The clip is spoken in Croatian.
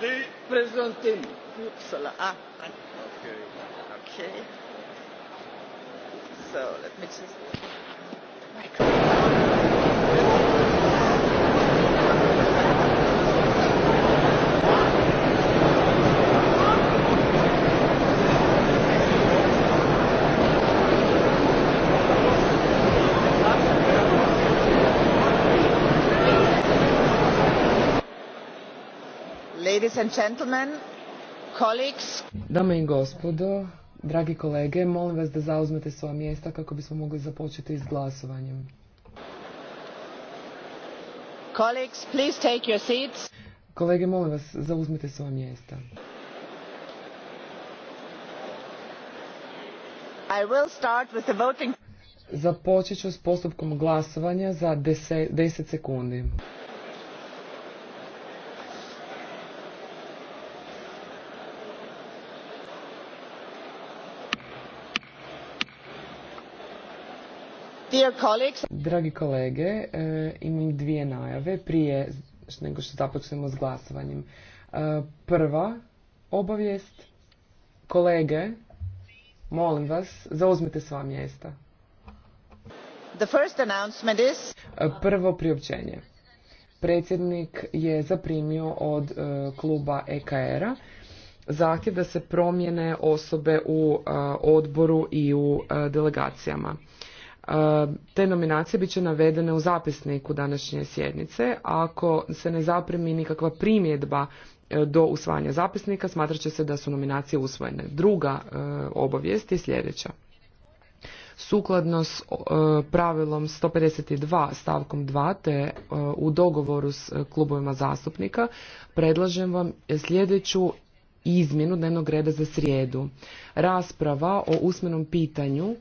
die Präsidentin. Uppsala. Ah, okay. Okay. So, let me just... Ladies and gentlemen, colleagues. Dame i gospodo, dragi kolege, molim vas da zauzmete svoja mjesta kako bismo mogli započeti s glasovanjem. Colleagues, please take your seats. Kolege, molim vas, zauzmite svoja mjesta. I will start with the voting. Započet ću s postupkom glasovanja za 10 sekundi. Dragi kolege, e, imam dvije najave prije nego što započnemo s glasovanjem. E, prva obavijest. Kolege, molim vas, zauzmite sva mjesta. The e, Prvo priopćenje. Predsjednik je zaprimio od kluba EKR-a zahtjev da se promijene osobe u odboru i u delegacijama. E, te nominacije bit će navedene u zapisniku današnje sjednice. Ako se ne zaprimi nikakva primjedba e, do usvajanja zapisnika, smatrat će se da su nominacije usvojene. Druga e, obavijest je sljedeća. Sukladno s pravilom 152 stavkom 2 te u dogovoru s klubovima zastupnika predlažem vam sljedeću izmjenu dnevnog reda za srijedu. Rasprava o usmenom pitanju